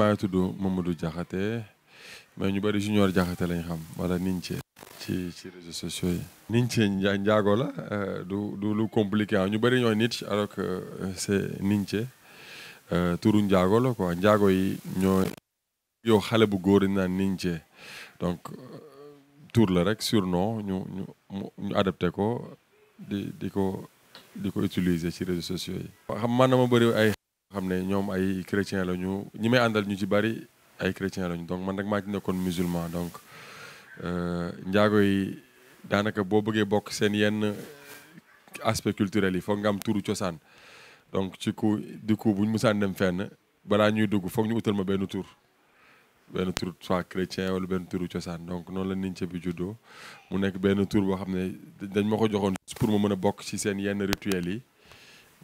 maa ngi tudd du Diakhaté mais ñu bëri Junior Diakhaté lañ xam wala Ninthié ci ci réseaux sociaux yi. Ninthié njaago la euh, du du lu compliqué ah, ñu bëri ñoo nit alors que euh, c'est Ninthié euh, turu njaago la quoi njaago yi ñoo yow xale bu góor ñu naan Ninthié donc tur la rek surnom ñu ñu ñu adapté ko di di ko di ko utiliser ci réseaux sociaux yi. xam man dama bëri ay xam ne ñoom ay chrétien la ñu ñi may àndal ñu ci bari ay chrétien lañu donc man nag maa ci nekkoon musulman donc euh, njaago yi daanaka boo bëggee bokk seen yenn aspect culturel yi foog nga am tur cosaan donc ci ku di ku buñ musaan dem fenn balaa ñuy dugg foog ñu utal ma benn tur benn tur soit chrétien wala benn tur cosaan donc noonu la nince bi juddoo mu nekk benn tur boo xam ne dañ ma ko joxoon pour ma mën a bokk ci seen yenn rituel yi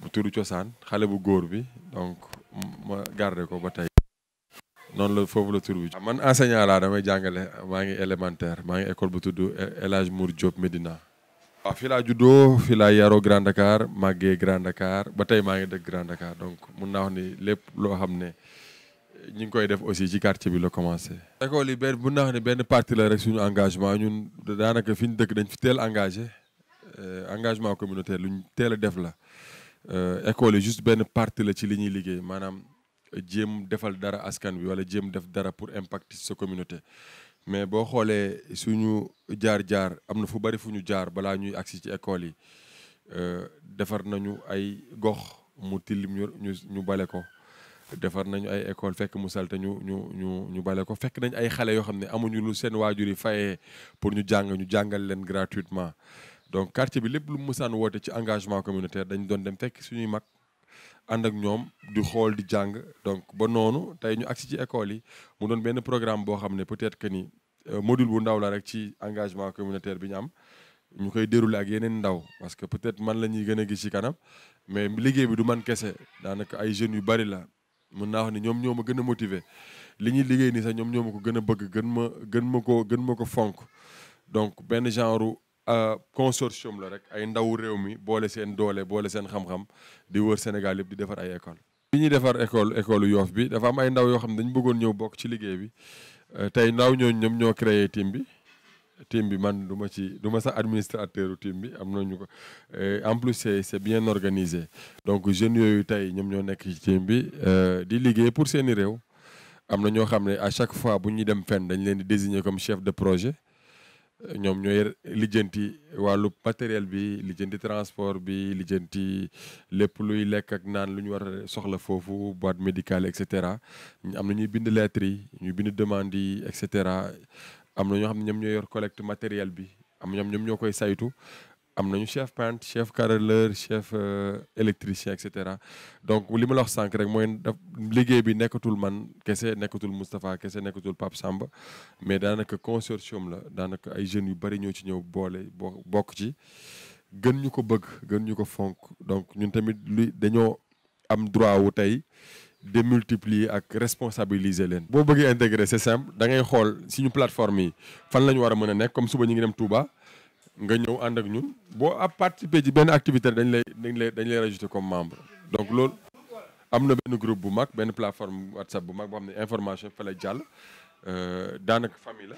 bu tudd cosaan xale bu góor bi donc ma garder ko ba tey noonu la foofu la tur bi man enseignant laa damay jàngale maa ngi élémentaire maa ngi école bu tudd El Hadj Mour Diop Medina. waaw fii laa juddoo fii laa yaroo Grand Dakar màggee Grand Dakar ba tey maa ngi dëkk Grand Dakar donc mun naa wax ni lépp loo xam ne ñi ngi koy def aussi ci quartier bi la commencé. école yi benn naa wax ni benn partie la rek suñu engagement ñun daanaka fi ñu dëkk dañ fi teel engagé euh, engagement communautaire luñ teel a def la. Euh, école yi juste benn partie la ci li ñuy liggéey maanaam jéem defal dara askan bi wala jéem def dara pour impact sa communauté mais boo xoolee suñu jaar-jaar am na fu bari fu ñu jaar balaa ñuy agsi ci école yi euh, defar nañu ay gox mu tilim ñu ñu bale ko defar nañu ay école fekk mu salte ñu ñu ñu ñu bale ko fekk nañ ay xale yoo xam ne amuñu lu seen waajur yi fayee pour ñu jàng ñu jàngal leen gratuitement donc quartier bi lépp lu mu woote ci engagement communautaire dañ doon dem fekk suñuy mag ànd ak ñoom di xool di jàng donc ba noonu tey ñu agsi ci école yi mu doon benn programme boo xam ne peut-être que ni euh, module bu ndaw la rek ci engagement communautaire bi ñu am ñu koy dérouler ak yeneen ndaw parce que peut-être man la ñuy gën a gis ci kanam mais liggéey bi du man kese daanaka ay jeunes yu bari la mën naa wax ne ñoom ñoo ma gën a motiver li ñuy liggéey nii sax ñoom ñoo ma ko gën a bëgg gën ma gën ma ko gën ma ko fonk donc benn genre Euh, consortium la rek ay ndaw rewmi bolé sen seen bolé sen seen xam-xam di wër Sénégal yépp di défar ay école bi ñuy defar école école yoof bi dafa am ay ndaw yo xam ne dañu bëggoon ñëw bok ci liggéey bi euh, tay ndaw ñooñu ñom ñoo créé team bi team bi man duma ci duma sa sax administrateur team bi amna ñu ko euh, en plus c'est bien organisé donc jeunes yooyu tay ñom ñoo nekk ci team bi di liggéey pour seeni rew amna na ñoo xam à chaque fois bu ñuy dem fenn dañ leen di désigner comme chef de projet ñoom ñooy lijjanti wàllu matériel bi lijjanti transport bi lijjanti lépp luy lekk ak naan lu ñu war soxla foofu boîte médicale et cetera am na ñuy bind lettres yi ñuy bind demande yi et cetera am na ñoo xam ne ñoom ñooy yor collecte matériel bi am ñoom ñoom ñoo koy saytu am nañu chef peintre chef carreleur chef euh, électricien et cetera donc li ma la wax sànq rek mooy daf liggéey bi nekkatul man kese nekkatul Moustapha kese nekkatul Pape Samba mais daanaka consortium la daanaka ay jeunes yu bari ñoo ci ñëw boole boo bokk ci gën ñu ko bëgg gën ñu ko fonk donc ñun tamit lu dañoo am droit wu tey multiplier, ak responsabiliser leen. boo bëggee intégrer c'est simple da ngay xool ñu plateforme yi fan la ñu war a mën a nekk comme suba ñu ngi dem Touba nga ñëw participer ci activité dañ lay dañ lay comme membre donc loolu groupe bu plateforme whatsapp bu information fa euh, famille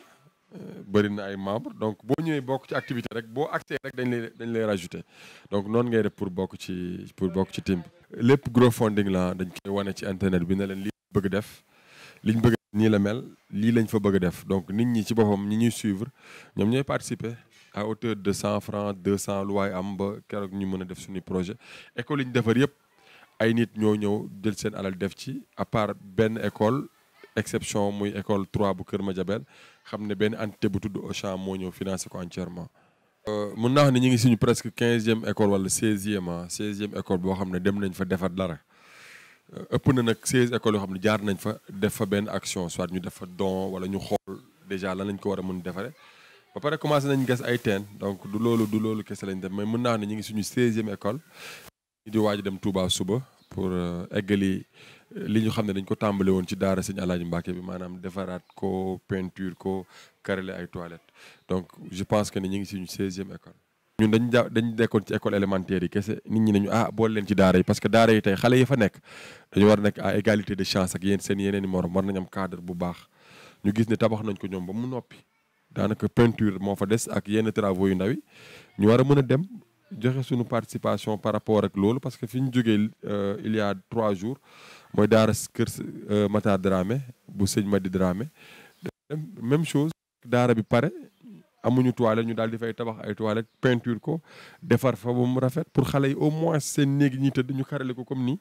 euh, membre donc boo ñëwee ci activité rek accès rek dañ donc non pour bokk pour team gros la dañ koy ci internet bi ne leen li bëgg donc nit ñi ci suivre ñoom participer à hauteur de 100 francs, 200 lois, amba, car nous menons des suni projet. École une devrait yep, aïnit nyonyo delsen alal defti. À part ben école, exception moi école 3 Bukir Majabel, comme ben ante butu de Ocha monyo finance quoi entièrement. Mon nom n'est ni signé presque 15e école ou 16e, 16e école bo comme ne demne ni fait défaut d'arrêt. Après une excès euh, école comme le jardin fait défaut ben action, soit nous défaut don, voilà nous hall déjà là nous quoi ramon défaut ba pare commencé nañ gas ay ten donc du loolu du loolu kese lañ dem mais mën naa ne ñu ngi suñu seizième école ñu dem Touba suba pour euh, eggali euh, li ñu xam ne dañ ko tàmbale woon ci daara sëñ Alaaji Mbàkke bi maanaam defaraat ko peinture ko karale ay toilettes donc je pense que ne ñu ngi suñu seizième école ñun dañ ja dañ dekkoon ci école élémentaire yi kese nit ñi nañu ah boole leen ci daara yi parce que daara yi tey xale yi fa nekk dañu war a nekk a égalité de chance ak yéen seen yeneen i war nañ am cadre bu baax ñu gis ne tabax nañ ko ñoom ba mu noppi daanaka peinture moo fa des ak yenn travaux yu ndaw ñu wara mëna dem joxe suñu participation par rapport ak lolu parce que fiñu ñu euh, il y a trois jours dara daara euh, mata Dramé bu seigne Madi Dramé même chose dara bi paré amuñu toilette ñu daal di fay tabax ay toilette peinture ko défar fa bu mu rafet pour xalé au moins seen néeg ñi ñu xarale ko comme ni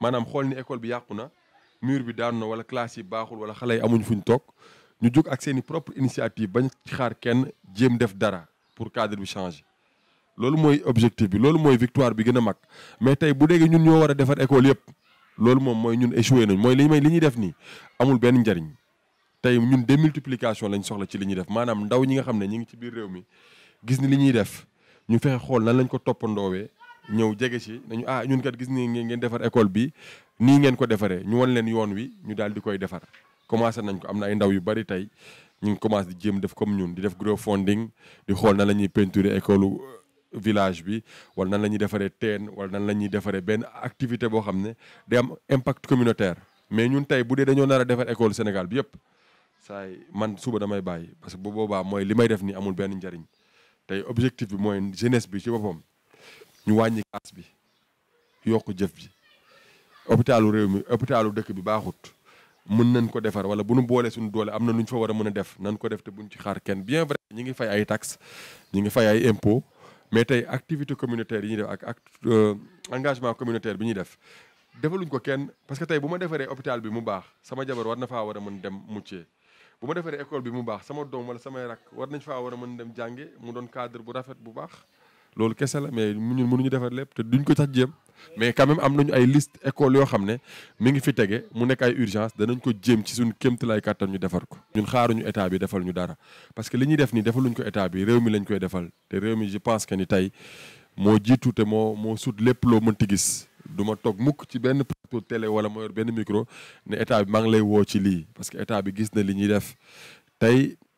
maanaam xool ni école bi yàqu na mur bi daanu na wala classe yi baaxul wala xale yi amuñ fuñ toog ñu jóg ak seen i propre initiative bañ ci xaar kenn jéem def dara pour cadre bi changer loolu mooy objectif bi loolu mooy victoire bi gën a mag mais tey bu déggee ñun ñoo war a defar école yëpp loolu moom mooy ñun échoué nañ mooy li may li ñuy def nii amul benn njariñ tey ñun démultiplication lañ soxla ci li ñuy def maanaam ndaw ñi nga xam ne ñi ngi ci biir réew mi gis ni li ñuy def ñu fexe xool nan lañ ko toppandoowee ñëw jege si nañu ah ñun kat gis ni ngeen defar école bi nii ngeen ko defaree ñu won leen yoon wi ñu daal di koy defar commencé nañ ko am na ay ndaw yu bari tey ñu ngi commencé di jéem def comme ñun di def crowdfunding di xool na la ñuy peinturer école euh, village bi wala nan la ñuy defaree teen wala nan la ñuy defaree benn activité boo xam ne day am impact communautaire mais ñun tey bu dee dañoo nar a defar école Sénégal bi yëpp saay man suba damay bàyyi parce que bu boobaa mooy li may def nii amul benn njariñ tey objectif bi mooy jeunesse bi ci boppam ñu wàññi kaas bi yokk jëf bi hôpitalu réew mi hôpitalu dëkk bi baaxut mun nañ ko defar wala bu nu boolee suñu doole am na lu ñu fa war a mën a def nan ko def te buñ ci xaar kenn bien vrai ñi ngi fay ay taxes ñi ngi fay ay impôts mais tey activité communautaire yi ñuy def ak ak euh, engagement communautaire bi ñuy def defaluñ ko kenn parce que tey bu ma defaree hôpital bi mu baax sama jabar war na faa war a mën dem muccee bu ma defaree école bi mu baax sama doom wala samay rak war nañ faa war a mën dem jànge mu doon cadre bu rafet bu baax loolu kese la mu ñun mënuñu defar lépp te duñ ko tax jéem mais quand même am nañu ay list école yoo xam ne mi ngi fi tege mu nekk ay urgence danañ ko jéem ci suñu kéemtalaay kàttan ñu defar ko ñun xaaruñu état bi defal ñu dara parce que li ñuy def nii defaluñ ko état bi réew mi lañ koy defal te réew mi je pense que ni tey moo jiitu te moo moo sut lépp loo mënti gis du ma toog mukk ci benn plateau télé wala ma benn micro ne état bi maa lay woo ci lii parce que état bi gis na li ñuy def tey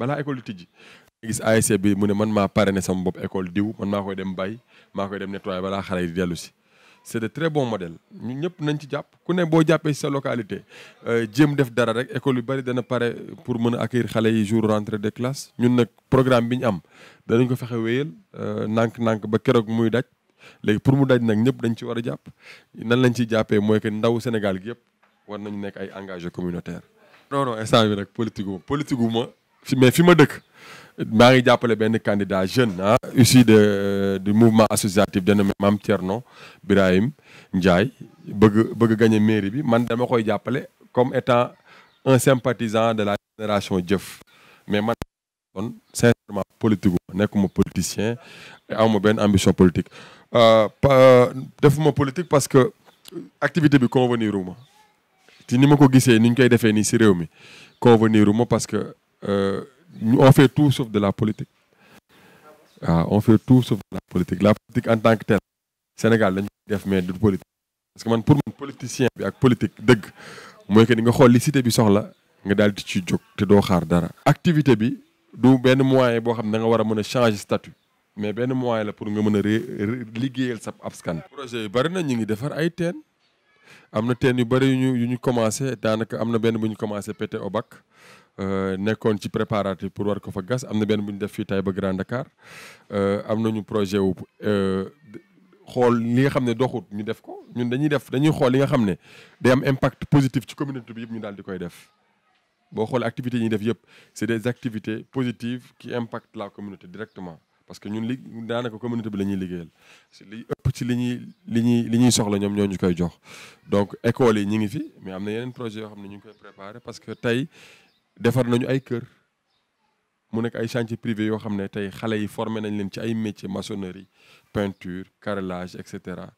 bala école tidji gis ASC bi mune man de sama école diw man ma koy dem bay ma koy dem nettoyer bala xalé di c'est de très bon modèles ñu ñep nañ ci japp ku ne bo jappé sa localité euh, def dara rek école yu bari dana paré pour Nous accueillir yi jour rentrée de classe ñun un programme bi am dañ ko euh Nous nank ba kérok muy daj pour mu daj nak ñep dañ ci wara a nan lañ faire jappé moy que ndaw Sénégal gi war nañu non non instant bi politique politique mais fi ma dëkk candidat jeune ici ah, issu de euh, du mouvement associatif dénommé Mam Tierno, Birahim Ndiaye bëgg gagner la mairie bi man dama koy comme étant un sympathisant de la génération Jeff, mais man un sincèrement politique suis un politicien j'ai une ambition politique je euh, mon politique parce que activité de convenir uma je ni ma ko gisee ni koy si convenir parce que euh, on fait tout sauf de la politique waaw ah, on fait tout sauf de la politique la politique en tant que telle Sénégal dañ def mais du politique parce que man pour man politicien bi ak politique dëgg mooy que ni nga xool li cité bi soxla nga daal di ci jóg te doo xaar dara activité bi du benn moyen boo xam ne da nga war a mën a changer statut mais benn moyen la pour nga mën a liggéeyal sa askan projet yu bëri na ñu ngi defar ay teen am na teen yu bëri yu ñu yu ñu commencé daanaka am na benn bu ñu commencé pété au bac Euh, nekkoon ci préparatif pour war ko fa gas am na benn bu ñu def fii Taïba Grand Dakar euh, am nañu projet wu euh, xool li nga xam ne doxut ñu def ko ñun dañuy def dañuy xool li nga xam ne day am impact positif ci communauté bi yëpp ñu daal di koy def boo xool activité yi def yëpp c'est des activités positives qui impactent la communauté directement parce que ñun li daanaka communauté bi la ñuy liggéeyal li ëpp ci li ñuy li ñuy li ñuy soxla ñoom ñoo ñu koy jox donc école yi ñu ngi fi mais am na yeneen projet yoo xam ne ñu ngi koy préparer parce que tey defar nañu ay kër mu nekk ay chantier privé yoo xam ne tey xale yi formé nañ leen ci ay métier maçonnerie peinture carlage et cetera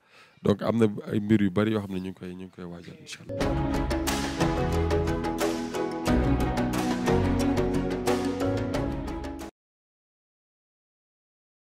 donc am na ay mbir yu bari yoo xam ne ñu ngi koy ñu ngi koy waajal incha allah